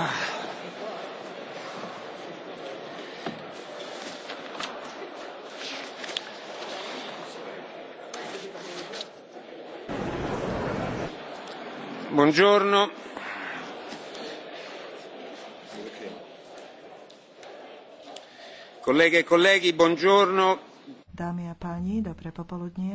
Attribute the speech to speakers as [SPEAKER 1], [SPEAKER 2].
[SPEAKER 1] Ah. Buongiorno.
[SPEAKER 2] Colleghe e colleghi, buongiorno.
[SPEAKER 3] Dámy a páni, dobré popoludnie.